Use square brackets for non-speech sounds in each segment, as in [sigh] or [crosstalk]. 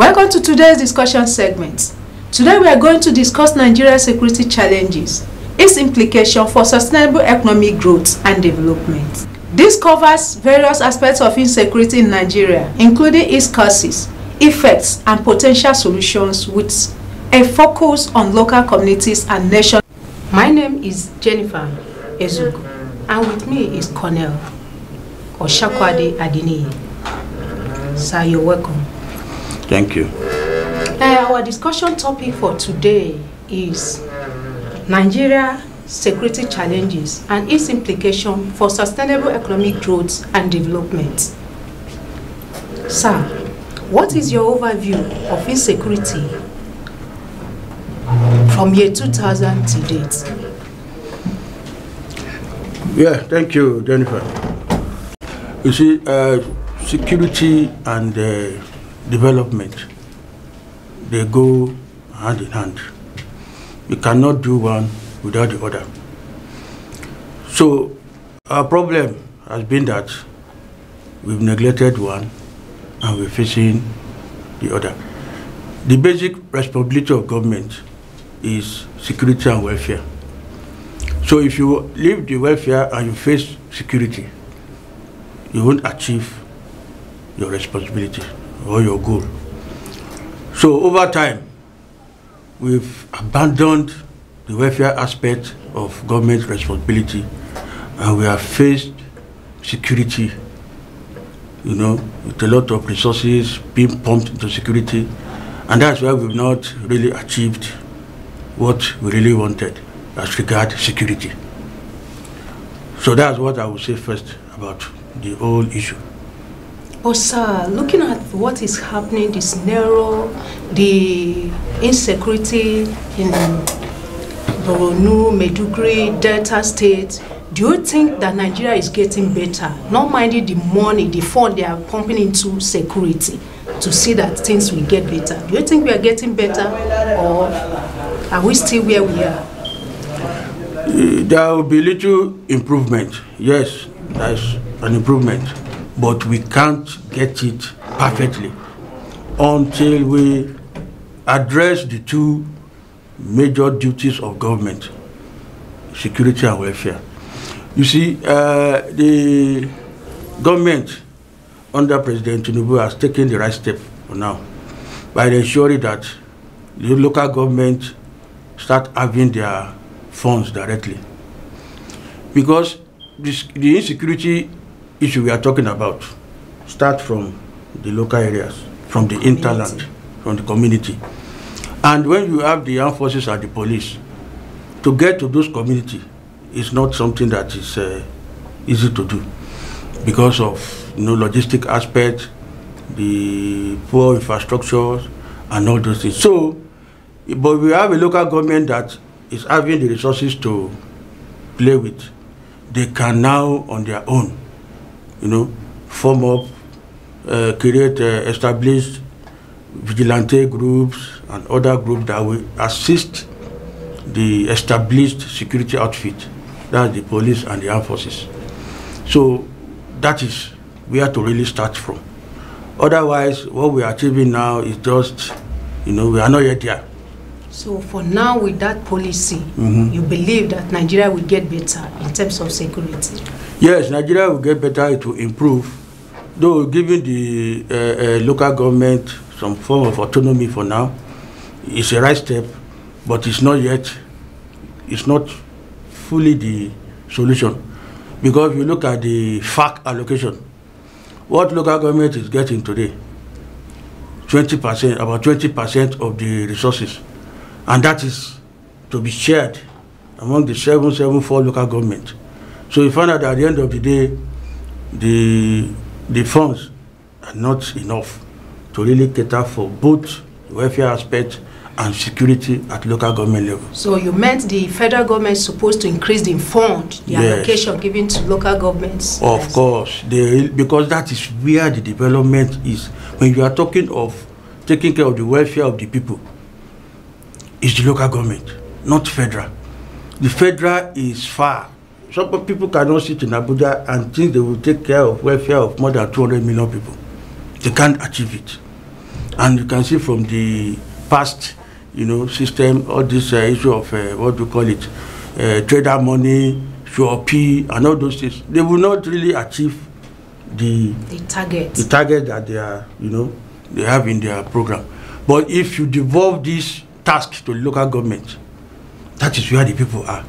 Welcome to today's discussion segment. Today we are going to discuss Nigeria's security challenges, its implication for sustainable economic growth and development. This covers various aspects of insecurity in Nigeria, including its causes, effects, and potential solutions with a focus on local communities and nations. My name is Jennifer Ezugu, and with me is Cornell Oshakwade Adini. Sir, you're welcome. Thank you. Uh, our discussion topic for today is Nigeria security challenges and its implication for sustainable economic growth and development. Sir, what is your overview of insecurity from year 2000 to date? Yeah, thank you, Jennifer. You see, uh, security and uh, development, they go hand in hand. You cannot do one without the other. So our problem has been that we've neglected one and we're facing the other. The basic responsibility of government is security and welfare. So if you leave the welfare and you face security, you won't achieve your responsibility. or your goal. So over time, we've abandoned the welfare aspect of government responsibility and we have faced security. You know, with a lot of resources being pumped into security and that's why we've not really achieved what we really wanted as regards security. So that's what I would say first about the whole issue. But sir, looking at what is happening, this narrow, the insecurity in Boronu, Medugri, Delta State, do you think that Nigeria is getting better? Not minding the money, the fund they are pumping into security to see that things will get better. Do you think we are getting better or are we still where we are? There will be little improvement. Yes, that's an improvement. but we can't get it perfectly until we address the two major duties of government security and welfare. You see, uh, the government under President Tinubu has taken the right step for now by ensuring that the local government start having their funds directly. Because this, the insecurity issue we are talking about start from the local areas, from the community. interland, from the community. And when you have the armed forces and the police, to get to those community is not something that is uh, easy to do because of you know logistic aspect, the poor infrastructures, and all those things. So, but we have a local government that is having the resources to play with. They can now, on their own, you know, form up, uh, create, uh, establish vigilante groups and other groups that will assist the established security outfit, that's the police and the armed forces. So that is where to really start from. Otherwise, what we are achieving now is just, you know, we are not yet there. So for now, with that policy, mm -hmm. you believe that Nigeria will get better in terms of security? Yes, Nigeria will get better. It will improve, though giving the uh, uh, local government some form of autonomy for now is a right step, but it's not yet. It's not fully the solution, because if you look at the FAC allocation, what local government is getting today, 20%, about 20% of the resources, and that is to be shared among the seven, seven, four local governments. So we find out at the end of the day, the, the funds are not enough to really cater for both welfare aspect and security at local government level. So you meant the federal government is supposed to increase the fund, the yes. allocation given to local governments? Of yes. course, they, because that is where the development is. When you are talking of taking care of the welfare of the people, it's the local government, not federal. The federal is far some people cannot sit in Abuja and think they will take care of welfare of more than 200 million people. They can't achieve it. And you can see from the past, you know, system, all this uh, issue of uh, what do you call it, uh, trader money, Shopee, and all those things. They will not really achieve the the target the target that they are, you know, they have in their program. But if you devolve this task to local government, that is where the people are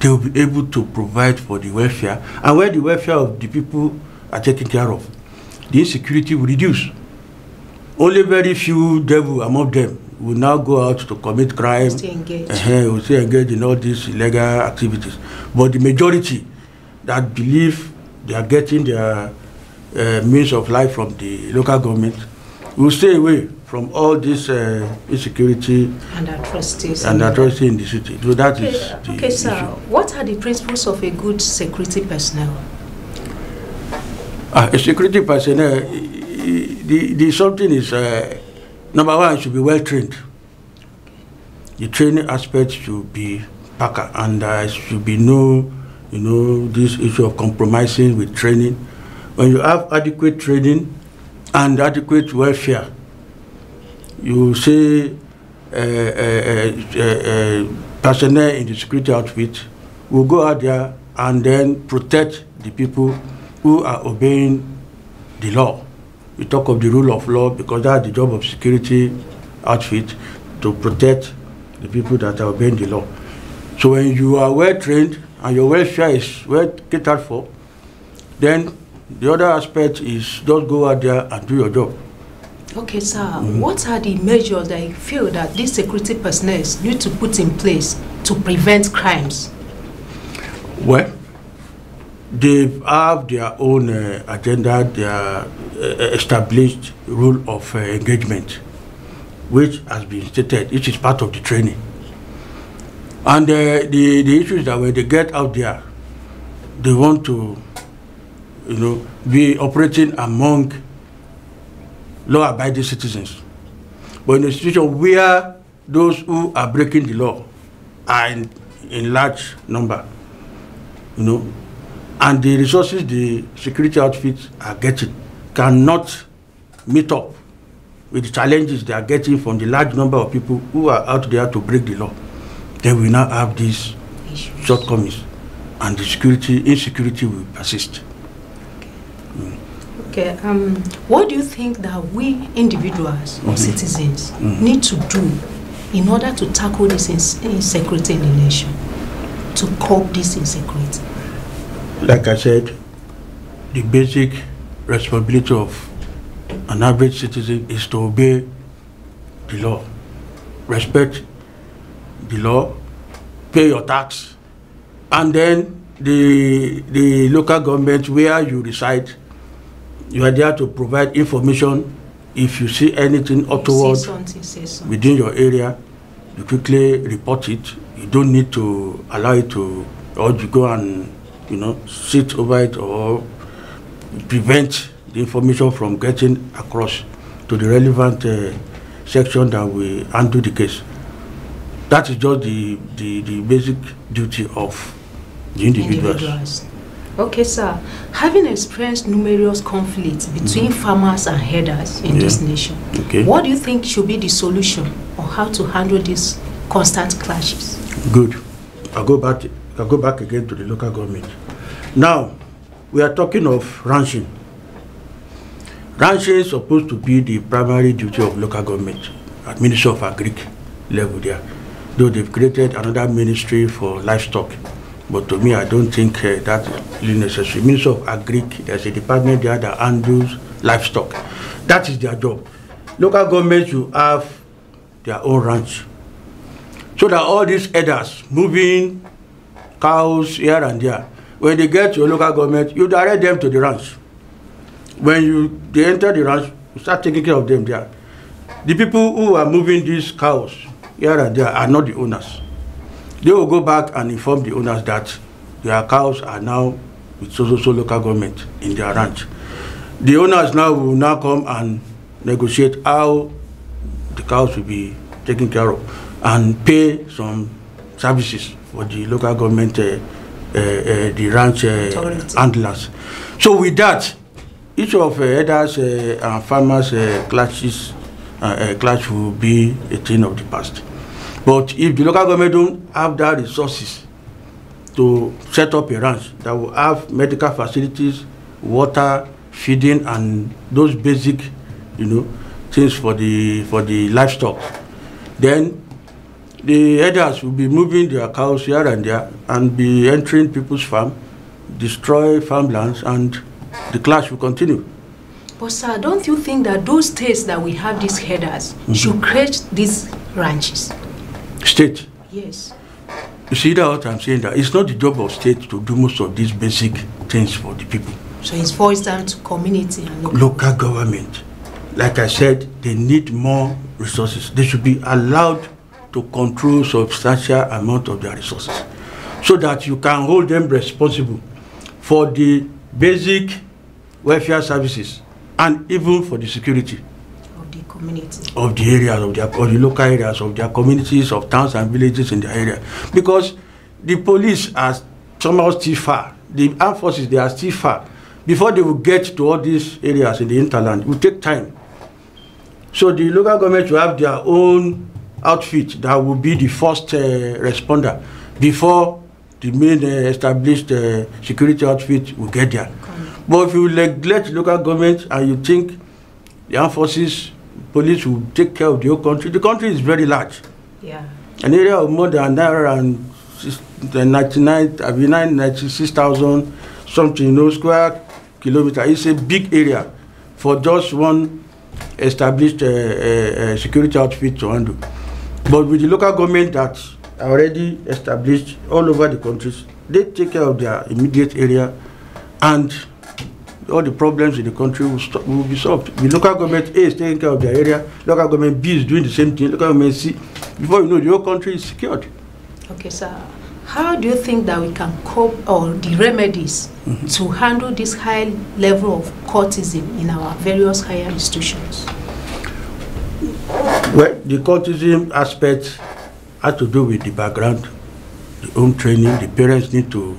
they will be able to provide for the welfare and where the welfare of the people are taken care of the insecurity will reduce only very few devil among them will now go out to commit crime still engage. Uh-huh, will still engage in all these illegal activities but the majority that believe they are getting their uh, means of life from the local government will stay away from all this uh, insecurity and atrocities and atrocity in the city. So that okay. is okay, uh, okay sir. What are the principles of a good security personnel? Uh, a security personnel, the, the something is uh, number one should be well trained. The training aspect should be packer, and there should be no, you know, this issue of compromising with training. When you have adequate training and adequate welfare, you say eh, eh, eh, personnel in the security outfit will go out there and then protect the people who are obeying the law. We talk of the rule of law because that's the job of security outfit to protect the people that are obeying the law. So when you are well trained and your welfare is well catered for, then the other aspect is just go out there and do your job. Okay, sir. Mm -hmm. What are the measures that you feel that these security personnel need to put in place to prevent crimes? Well, they have their own uh, agenda, their uh, uh established rule of uh, engagement, which has been stated, It is part of the training. And uh, the, the issue is that when they get out there, they want to, you know, be operating among law-abiding citizens. But in a situation where those who are breaking the law are in, in large number, you know, and the resources the security outfits are getting cannot meet up with the challenges they are getting from the large number of people who are out there to break the law, then we now have these shortcomings and the security insecurity will persist. Okay, um, what do you think that we individuals, mm -hmm. citizens, mm -hmm. need to do in order to tackle this insecurity in the nation, to curb this insecurity? Like I said, the basic responsibility of an average citizen is to obey the law, respect the law, pay your tax, and then the the local government where you reside you are there to provide information if you see anything untoward within your area you quickly report it you don't need to allow it to or you go and you know sit over it or prevent the information from getting across to the relevant uh, section that will undo the case that is just the the, the basic duty of the individuals. individuals. Okay, sir. Having experienced numerous conflicts between mm -hmm. farmers and herders in yeah. this nation, okay. what do you think should be the solution on how to handle these constant clashes? Good. I'll go back, I'll go back again to the local government. Now, we are talking of ranching. Ranching is supposed to be the primary duty of local government at Ministry of Agric level there, though they've created another ministry for livestock. But to me, I don't think uh, that is really necessary. Minister of Agric, there's a department there that handles livestock. That is their job. Local governments should have their own ranch. So that all these herders moving cows here and there, when they get to a local government, you direct them to the ranch. When you they enter the ranch, you start taking care of them there. The people who are moving these cows here and there are not the owners they will go back and inform the owners that their cows are now with so so so local government in their ranch. The owners now will now come and negotiate how the cows will be taken care of and pay some services for the local government, uh, uh, uh, the ranch uh, handlers. So with that, each of uh, herders uh, and farmers uh, clashes uh, uh, clash will be a thing of the past. But if the local government don't have that resources to set up a ranch that will have medical facilities, water, feeding, and those basic, you know, things for the for the livestock, then the herders will be moving their cows here and there and be entering people's farm, destroy farmlands, and the clash will continue. But sir, don't you think that those states that we have these herders mm -hmm. should create these ranches? State? Yes. You see that what I'm saying? That it's not the job of state to do most of these basic things for the people. So it's voice down to community and local, local government. Like I said, they need more resources. They should be allowed to control substantial amount of their resources so that you can hold them responsible for the basic welfare services and even for the security community. Of the areas of their, or the local areas of their communities, of towns and villages in their area. Because the police are somehow still far. The armed forces, they are still far. Before they will get to all these areas in the hinterland, it will take time. So the local government will have their own outfit that will be the first uh, responder before the main uh, established uh, security outfit will get there. Okay. But if you neglect local government and you think the armed forces police will take care of the whole country. The country is very large. Yeah. An area of more than 96,000 something no square kilometer. It's a big area for just one established uh, uh, uh security outfit to handle. But with the local government that already established all over the countries, they take care of their immediate area and all the problems in the country will, stop, will be solved. The local government A is taking care of their area, local government B is doing the same thing, local government C. Before you know, the whole country is secured. Okay, sir. How do you think that we can cope or the remedies mm-hmm. to handle this high level of courtism in our various higher institutions? Well, the courtism aspect has to do with the background, the home training, the parents need to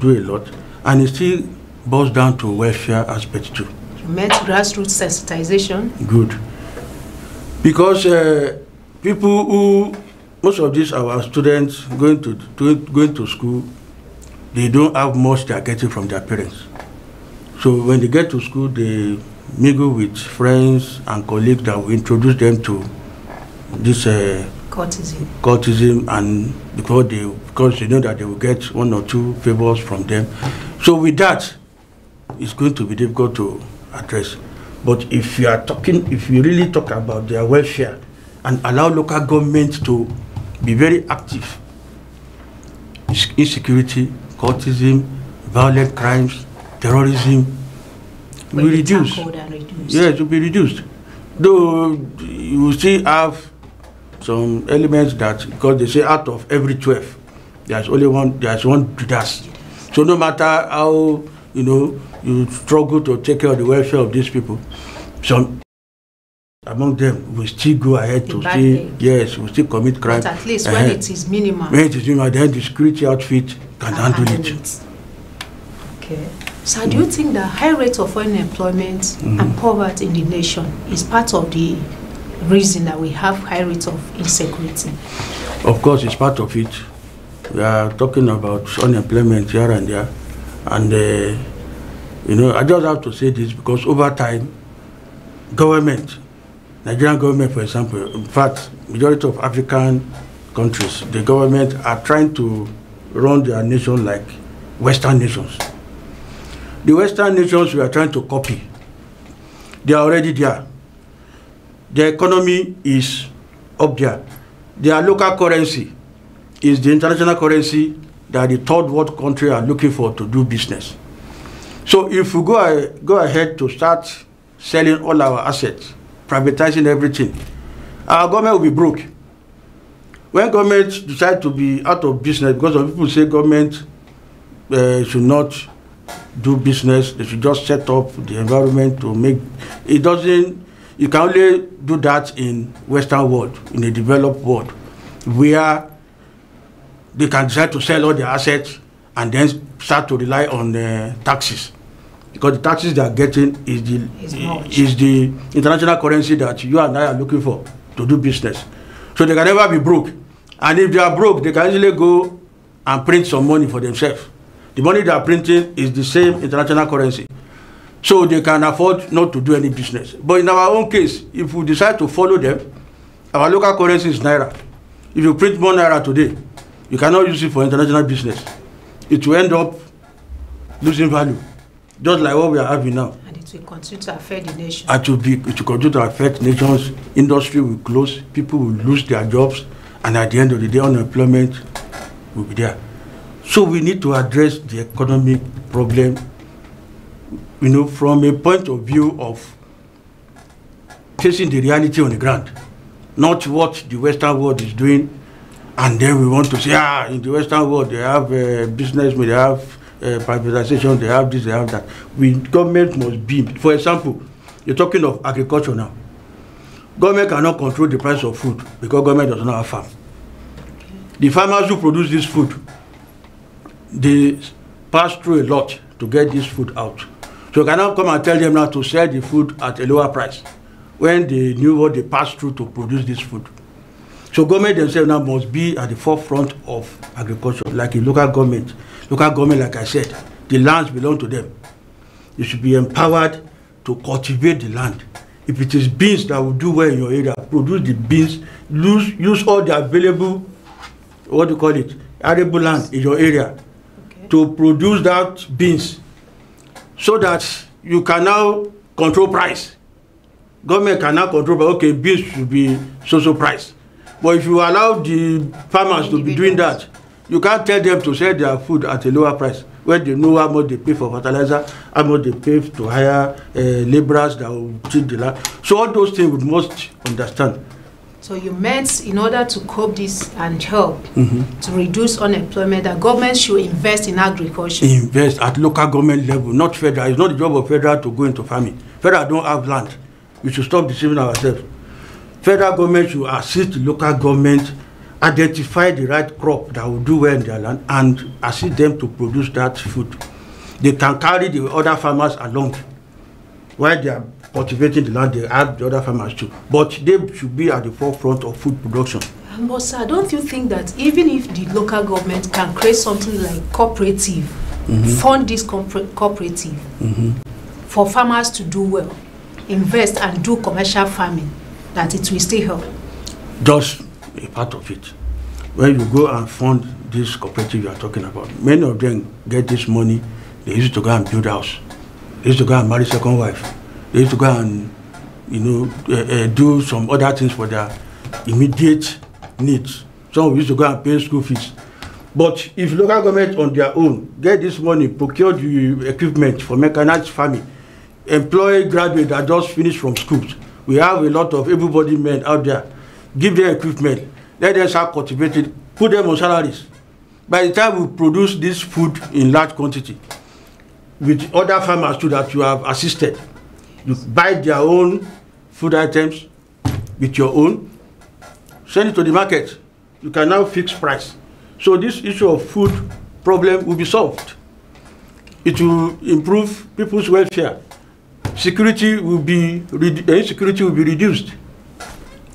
do a lot. And you see boils down to welfare aspect too. You meant grassroots sensitization? Good. Because uh, people who, most of these are our students going to, to, going to school, they don't have much they are getting from their parents. So when they get to school, they mingle with friends and colleagues that will introduce them to this uh, courtism. courtism and because they because they know that they will get one or two favors from them. So with that, it's going to be difficult to address. But if you are talking, if you really talk about their welfare and allow local government to be very active, insecurity, cultism, violent crimes, terrorism will reduce. reduced. Yes, it will be reduced. Though you still have some elements that, because they say out of every 12, there's only one, there's one Judas. So no matter how, you know, you struggle to take care of the welfare of these people. Some among them will still go ahead to see yes will still commit crime but at least uh, when it is minimal when it is minimal then the security outfit can, handle, handle it. it okay so mm. do you mm. think the high rate of unemployment mm. and poverty in the nation is part of the reason that we have high rate of insecurity of course it's part of it we are talking about unemployment here and there and uh, You know, I just have to say this because over time, government, Nigerian government, for example, in fact, majority of African countries, the government are trying to run their nation like Western nations. The Western nations we are trying to copy. They are already there. Their economy is up there. Their local currency is the international currency that the third world country are looking for to do business. So if we go, go ahead to start selling all our assets, privatizing everything, our government will be broke. When government decide to be out of business, because of people say government uh, should not do business, they should just set up the environment to make, it doesn't, you can only do that in Western world, in a developed world, where they can decide to sell all their assets and then start to rely on the uh, taxes because the taxes they are getting is the is the international currency that you and I are looking for to do business. So they can never be broke. And if they are broke, they can easily go and print some money for themselves. The money they are printing is the same international currency. So they can afford not to do any business. But in our own case, if we decide to follow them, our local currency is Naira. If you print more Naira today, you cannot use it for international business it will end up losing value just like what we are having now. and it will continue to affect the nation. it will be it will continue to affect nations industry will close people will lose their jobs and at the end of the day unemployment will be there so we need to address the economic problem you know from a point of view of facing the reality on the ground not what the western world is doing and then we want to say ah in the western world they have uh, eh, businessmen they have uh, privatization they have this they have that we government must be for example you're talking of agriculture now government cannot control the price of food because government does not have farm the farmers who produce this food they pass through a lot to get this food out so you cannot come and tell them now to sell the food at a lower price when they knew what they passed through to produce this food So government themselves now must be at the forefront of agriculture, like in local government. Local government, like I said, the lands belong to them. They should be empowered to cultivate the land. If it is beans that will do well in your area, produce the beans, use, use all the available, what do you call it, arable land in your area okay. to produce that beans so that you can now control price. Government can now control, but okay, beans should be social price. But if you allow the farmers to be doing that, you can't tell them to sell their food at a lower price when they know how much they pay for fertilizer, how much they pay to hire uh, laborers that will till the land. So all those things we must understand. So you meant in order to cope this and help mm -hmm. to reduce unemployment that government should invest in agriculture. Invest at local government level, not federal. It's not the job of federal to go into farming. Federal don't have land. We should stop deceiving ourselves. Federal government should assist local government identify the right crop that will do well in their land and assist them to produce that food. They can carry the other farmers along while they are cultivating the land they add the other farmers too but they should be at the forefront of food production. but sir don't you think that even if the local government can create something like cooperative. Mm -hmm. fund this cooperative. Mm -hmm. for farmers to do well invest and do commercial farming that it will still help? Just a part of it. When you go and fund this cooperative you are talking about, many of them get this money, they used to go and build house, they used to go and marry second wife, they used to go and you know, uh, uh, do some other things for their immediate needs. Some used to go and pay school fees. But if local government on their own get this money, procure the equipment for mechanized farming, employ graduates that just finished from schools, we have a lot of everybody men out there give them equipment let them start cultivating put them on salaries by the time we produce this food in large quantity with other farmers too that you have assisted you buy their own food items with your own send it to the market you can now fix price so this issue of food problem will be solved it will improve people's welfare security will be eh, security will be reduced.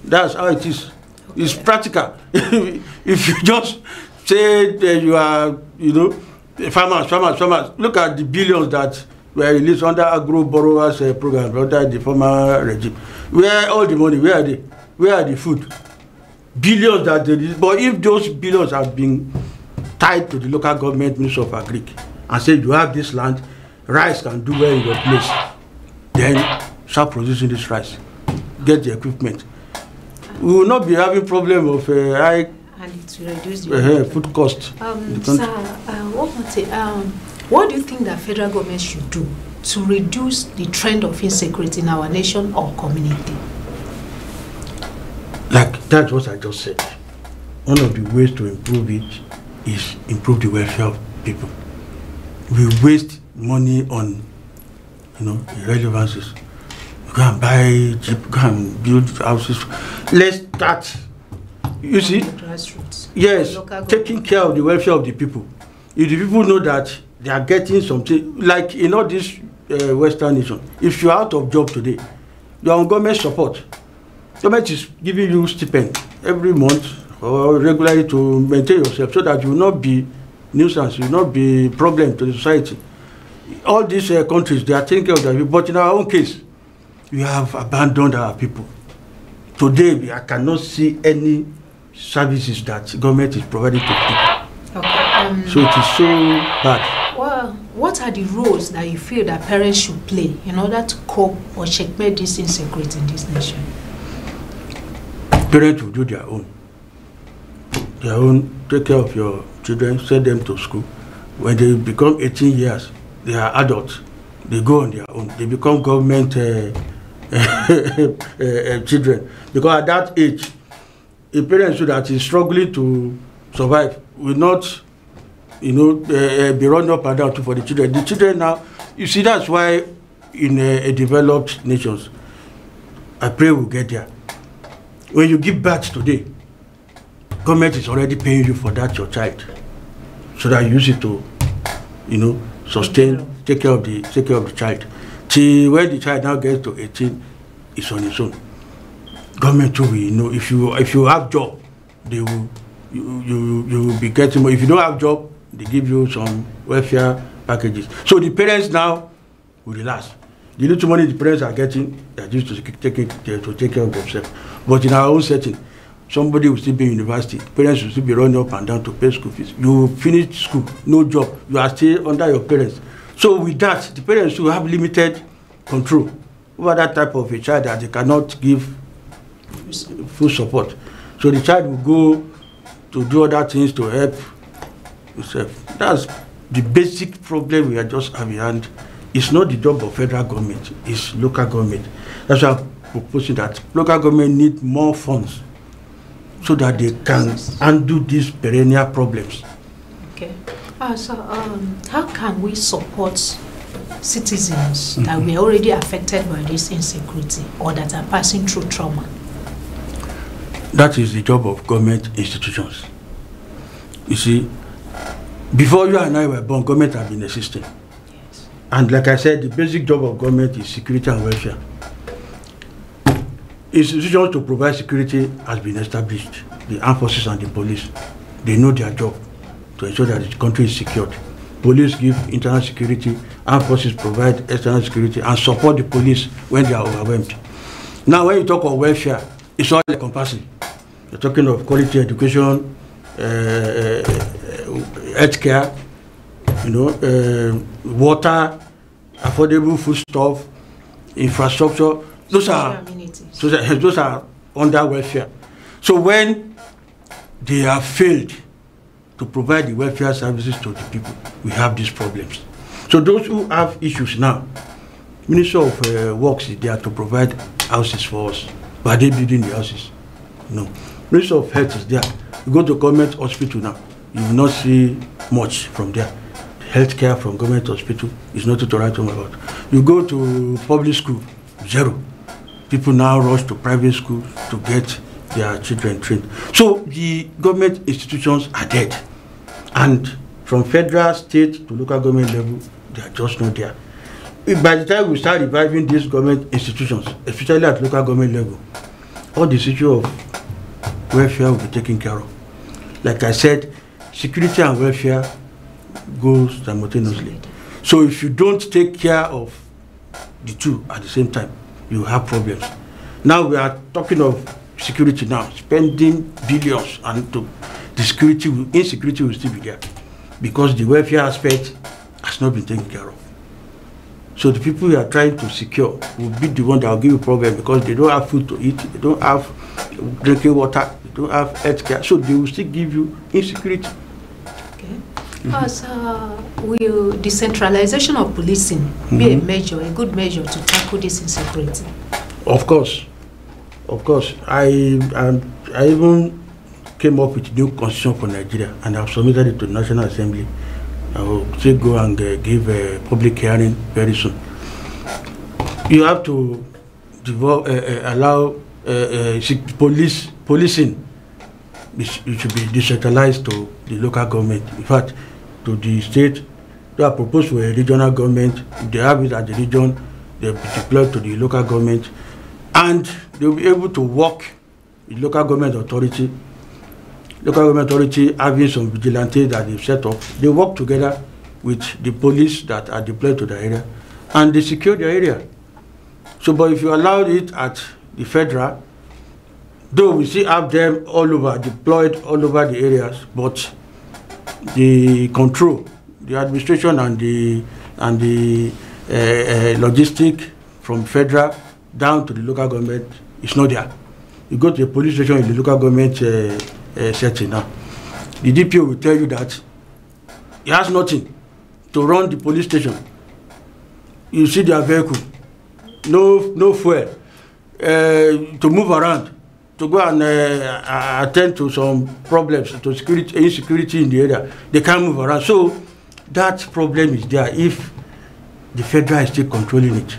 That's how it is. Okay. It's practical. [laughs] if you just say that you are, you know, farmers, farmers, farmers. Look at the billions that were released under agro borrowers uh, program under the former regime. Where all the money? Where are they? Where are the food? Billions that they released. But if those billions have been tied to the local government Minister of agric and say you have this land, rice can do well in your place then start producing this rice get the equipment we will not be having problem of uh, high and to reduce the uh, food cost. Um, sir, uh, what, um, what do you think that federal government should do to reduce the trend of insecurity in our nation or community? Like that's what I just said. One of the ways to improve it is improve the welfare of people. We waste money on you know, irrelevances. Go can buy jeep, go and build houses. Let's start. You see? Grassroots. Yes, taking care of the welfare of the people. If the people know that they are getting something, like in all these uh, Western nations, if you're out of job today, you're on government support. Government is giving you stipend every month or regularly to maintain yourself so that you will not be nuisance, you will not be problem to the society all these uh, countries, they are taking care of their people. But in our own case, we have abandoned our people. Today, I cannot see any services that government is providing to people. Okay, um, so it is so bad. Well, what are the roles that you feel that parents should play in order to cope or checkmate this insecurity in this nation? Parents will do their own. Their own, take care of your children, send them to school. When they become 18 years, they are adults. They go on their own. They become government uh, [laughs] uh, uh, children. Because at that age, a parent should that is struggling to survive will not, you know, uh, uh be run up and down for the children. The children now, you see, that's why in uh, developed nations, I pray we'll get there. When you give birth today, government is already paying you for that your child so that you use it to you know sustain, take care of the take care of the child. Till when the child now gets to 18, it's on its own. Government too, you know, if you if you have job, they will you you you will be getting more. If you don't have job, they give you some welfare packages. So the parents now will relax. The little money the parents are getting, they're used to taking to take care of themselves. But in our own setting, somebody will still be in university parents will still be running up and down to pay school fees you finish school no job you are still under your parents so with that the parents will have limited control over that type of a child that they cannot give full support so the child will go to do other things to help himself that's the basic problem we are just having and it's not the job of federal government it's local government that's why i'm proposing that local government need more funds so that they can handle these perennial problems. Okay. Uh, so, um, how can we support citizens mm-hmm. that were already affected by this insecurity or that are passing through trauma? That is the job of government institutions. You see, before you and I were born, government had been existing. Yes. And like I said, the basic job of government is security and welfare institutions to provide security has been established. The armed forces and the police, they know their job to ensure that the country is secured. Police give internal security, armed forces provide external security and support the police when they are overwhelmed. Now, when you talk of welfare, it's all encompassing. You're talking of quality education, uh, eh, eh, eh, health care, you know, uh, water, affordable foodstuff, infrastructure those are those are, those are under welfare. So when they have failed to provide the welfare services to the people, we have these problems. So those who have issues now, Minister of uh, Works is there to provide houses for us, but are they building the houses? No. Minister of Health is there. You go to government hospital now, you will not see much from there. Healthcare from government hospital is not to write home about. You go to public school, zero people now rush to private schools to get their children trained. So the government institutions are dead. And from federal, state to local government level, they are just not there. If by the time we start reviving these government institutions, especially at local government level, all the issue of welfare will be taken care of. Like I said, security and welfare go simultaneously. So if you don't take care of the two at the same time, you have problems. Now we are talking of security now, spending billions and to, the security, insecurity will still be there because the welfare aspect has not been taken care of. So the people you are trying to secure will be the one that will give you problem because they don't have food to eat, they don't have drinking water, they don't have health care. So they will still give you insecurity. As uh, will uh, decentralization of policing mm-hmm. be a mm-hmm. measure, a good measure to tackle this insecurity? Of course, of course. I I, I even came up with new constitution for Nigeria, and I've submitted it to the National Assembly. I will still go and uh, give a public hearing very soon. You have to develop, uh, uh, allow uh, uh, police policing it should be decentralized to the local government. In fact, to the state, they are proposed for a regional government. If they have it at the region, they'll be deployed to the local government. And they'll be able to work with local government authority. Local government authority having some vigilantes that they've set up. They work together with the police that are deployed to the area and they secure the area. So, but if you allow it at the federal, though we see have them all over deployed all over the areas but the control the administration and the and the uh, uh, logistic from federal down to the local government is not there you go to the police station in the local government uh, uh, setting now the dpo will tell you that he has nothing to run the police station you see their vehicle no no fuel uh, to move around to go and uh, attend to some problems, to security, insecurity in the area. They can't move around. So that problem is there if the federal is still controlling it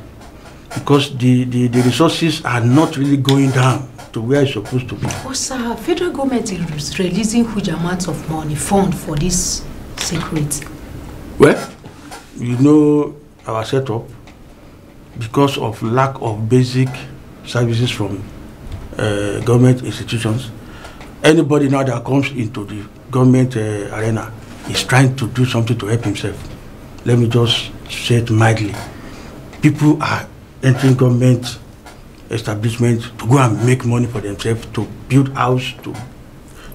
because the, the, the resources are not really going down to where it's supposed to be. Oh, sir, federal government is releasing huge amounts of money fund for this security? Well, you know our setup because of lack of basic services from uh, government institutions, anybody now that comes into the government uh, arena is trying to do something to help himself. Let me just say it mildly. People are entering government establishments to go and make money for themselves, to build house, to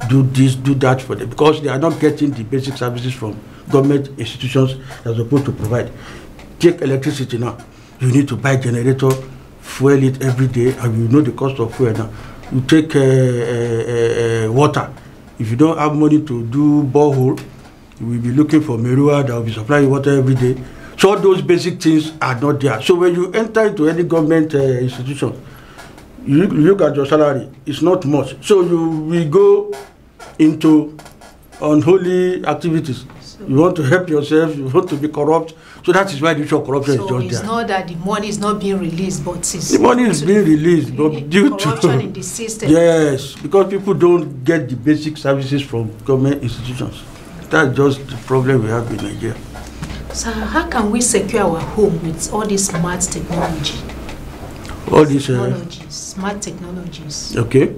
do this, do that for them, because they are not getting the basic services from government institutions that are supposed to provide. Take electricity now. You need to buy generator fuel it every day and you know the cost of fuel now you take uh, uh, uh, uh water if you don't have money to do borehole you will be looking for Merua that will be supplying water every day so all those basic things are not there so when you enter into any government uh, institution you, look at your salary it's not much so you will go into unholy activities you want to help yourself you want to be corrupt So that is why the issue of corruption so is just there. So it's not that the money is not being released, but it's the money is being released, but due corruption to corruption in the [laughs] system. Yes, because people don't get the basic services from government institutions. That's just the problem we have in Nigeria. So how can we secure our home with all this smart technology? All these uh, technologies, smart technologies. Okay.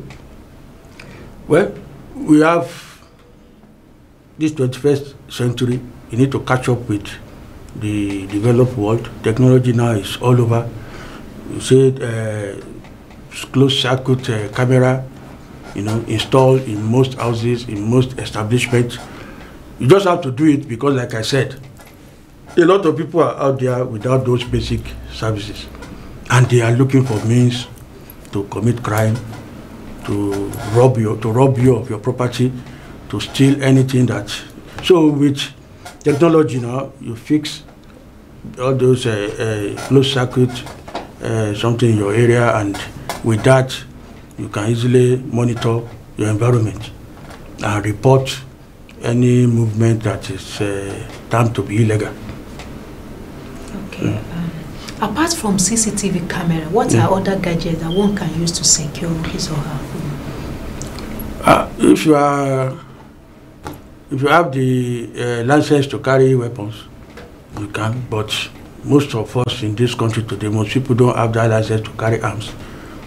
Well, we have this 21st century. You need to catch up with the developed world. Technology now is all over. You say uh, closed circuit uh, camera, you know, installed in most houses, in most establishments. You just have to do it because, like I said, a lot of people are out there without those basic services, and they are looking for means to commit crime, to rob you, to rob you of your property, to steal anything that. So with technology now, you fix all those uh, uh, closed circuit uh, something in your area and with that you can easily monitor your environment and report any movement that is uh, termed to be illegal. Okay. Mm. Um, apart from CCTV camera, what mm. are other gadgets that one can use to secure his or her home? Uh, if you are, if you have the uh, license to carry weapons, We can, but most of us in this country today, most people don't have that license to carry arms.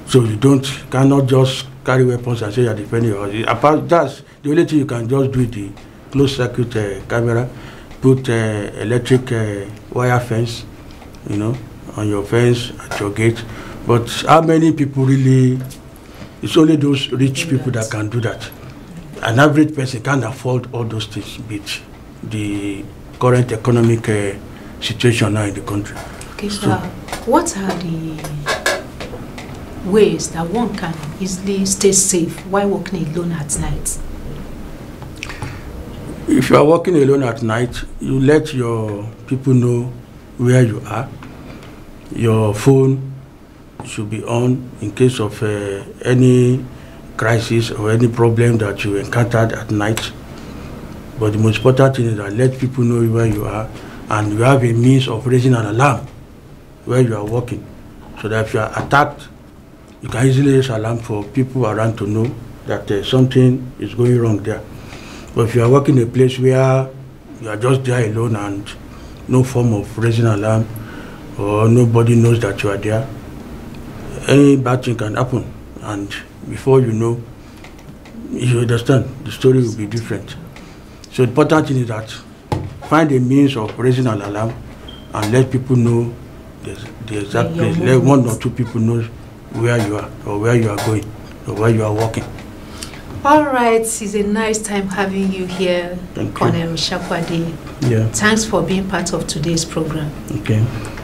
So you don't cannot just carry weapons and say you're defending your Apart that's the only thing you can just do the closed circuit uh, camera, put uh, electric uh, wire fence, you know, on your fence at your gate. But how many people really? It's only those rich people that can do that. An average person can't afford all those things. But the current economic uh, situation now in the country. Okay, so, sir, what are the ways that one can easily stay safe while working alone at night? If you are working alone at night, you let your people know where you are. Your phone should be on in case of uh, any crisis or any problem that you encountered at night. But the most important thing is that let people know where you are and you have a means of raising an alarm where you are working. So that if you are attacked, you can easily raise alarm for people around to know that uh, something is going wrong there. But if you are working a place where you are just there alone and no form of raising alarm or nobody knows that you are there, any bad thing can happen. And before you know, you understand, the story will be different. So the important thing is that find a means of raising an alarm and let people know the, the exact place. Let one or two people know where you are or where you are going or where you are walking. All right, it's a nice time having you here, Thank Colonel Shakwadi. Yeah. Thanks for being part of today's program. Okay.